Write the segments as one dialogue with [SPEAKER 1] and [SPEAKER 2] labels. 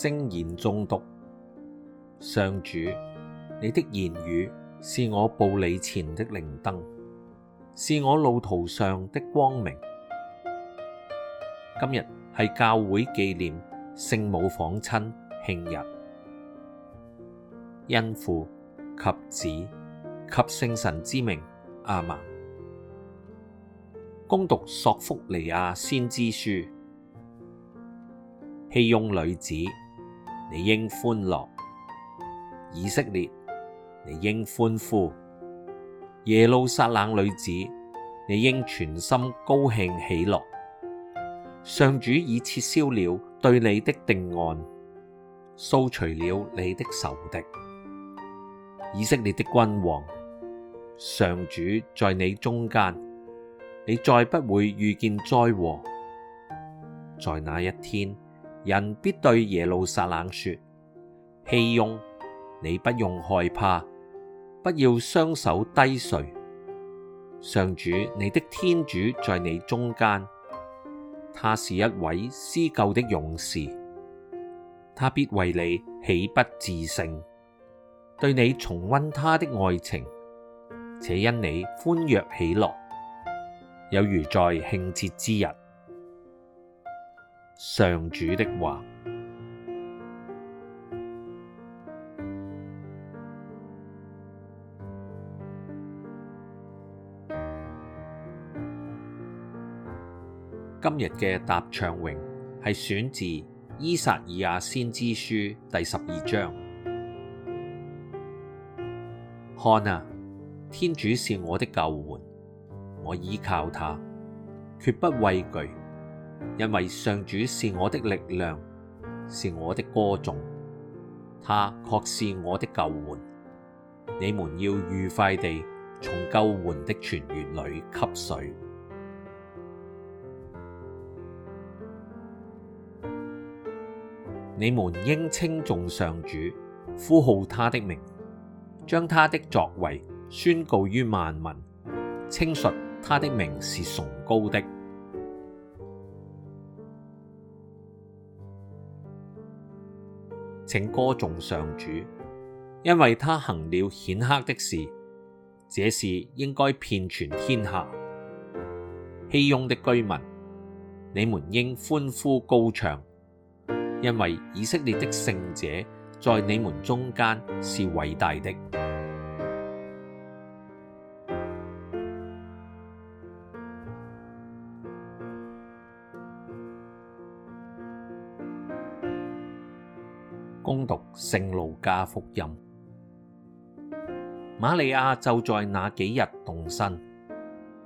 [SPEAKER 1] 聖言誦讀，上主，你的言語是我步履前的靈燈，是我路途上的光明。今日係教會紀念聖母訪親慶日，因父及子及聖神之名，亞孟，恭讀索福尼亞先知書，熙雍女子。你應歡樂，以色列，你應歡呼，耶路撒冷女子，你應全心高興喜樂。上主已撤銷了對你的定案，掃除了你的仇敵，以色列的君王，上主在你中間，你再不會遇見災禍，在那一天。人必對耶路撒冷說：熙雍，你不用害怕，不要雙手低垂。上主，你的天主在你中間，他是一位施救的勇士，他必為你喜不自勝，對你重温他的愛情，且因你歡躍喜樂，有如在慶節之日。上主的話。今日嘅答唱詠係選自《依撒意亞先知書》第十二章。看啊，天主是我的救援，我依靠他，絕不畏懼。因為上主是我的力量，是我的歌頌，他確是我的救援。你們要愉快地從救援的泉源裏汲水。你們應稱頌上主，呼號他的名，將他的作為宣告於萬民，稱述他的名是崇高的。請歌頌上主，因為他行了顯赫的事，這事應該遍傳天下。熙雍的居民，你們應歡呼高唱，因為以色列的聖者在你們中間是偉大的。恭讀《聖路加福音》，瑪利亞就在那幾日動身，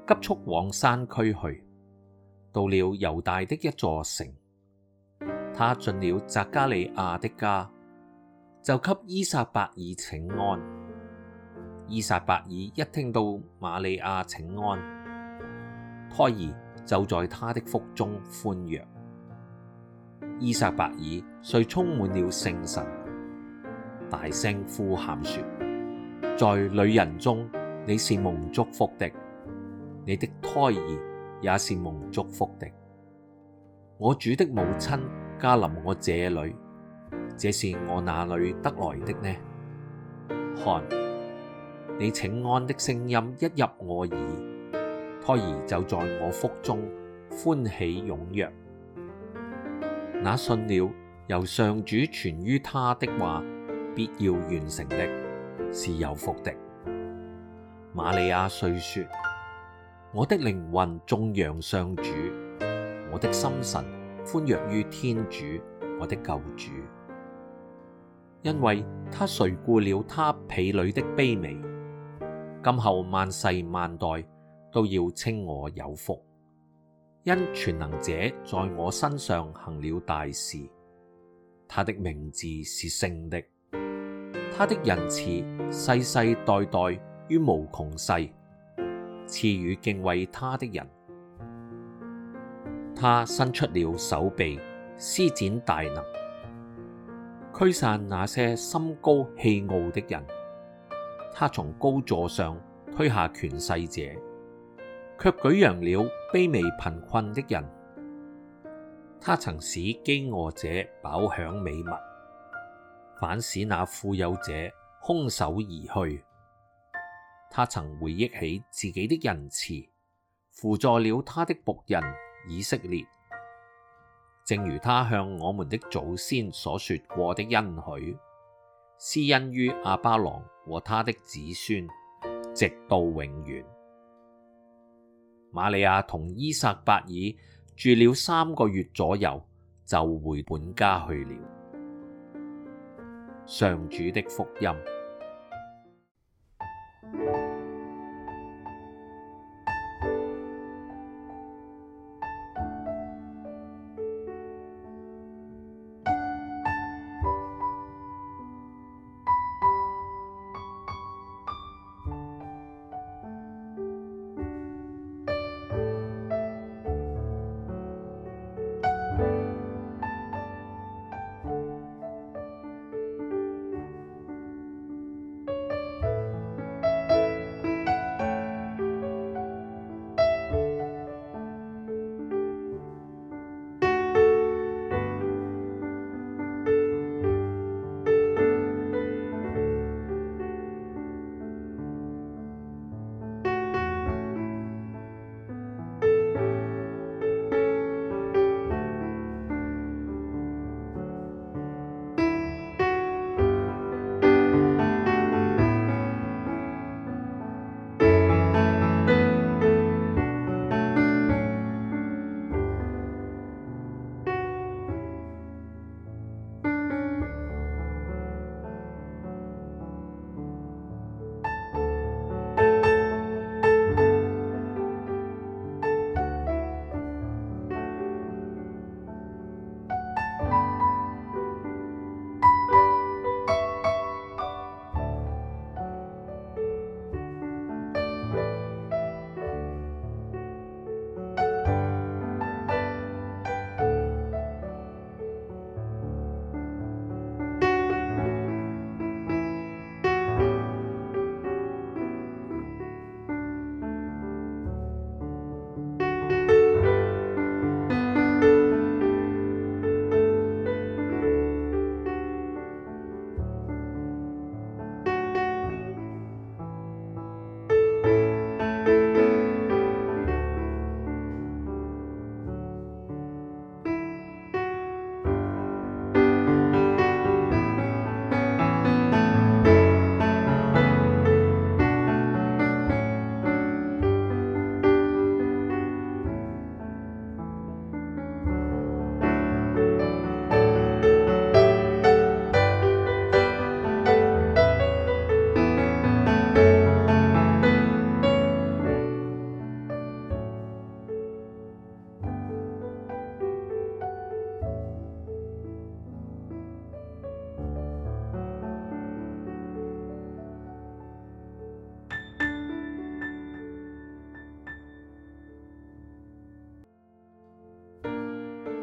[SPEAKER 1] 急速往山區去。到了猶大的一座城，她進了匝加利亞的家，就給依撒伯爾請安。依撒伯爾一聽到瑪利亞請安，胎兒就在她的腹中歡躍。依撒伯，伯爾遂充滿了聖神，大聲呼喊說：在女人中，你是蒙祝福的；你的胎兒也是蒙祝福的。我主的母親駕臨我這裏，這是我哪裏得來的呢？看，你請安的聲音一入我耳，胎兒就在我腹中歡喜踊躍。那信了由上主傳於他的話，必要完成的，是有福的。瑪利亞遂說：我的靈魂頌揚上主，我的心神歡躍於天主，我的救主，因為他垂顧了他婢女的卑微，今後萬世萬代都要稱我有福。因全能者在我身上行了大事，他的名字是聖的，他的仁慈世世代代於無窮世，賜與敬畏他的人。他伸出了手臂，施展大能，驅散那些心高氣傲的人。他從高座上推下權勢者。卻舉揚了卑微貧困的人，他曾使饑餓者飽饗美物，反使那富有者空手而去。他曾回憶起自己的仁慈，扶助了他的僕人以色列，正如他向我們的祖先所說過的恩許，施恩於亞巴郎和他的子孫，直到永遠。瑪利亞同依撒伯爾住了三個月左右，就回本家去了。上主的福音。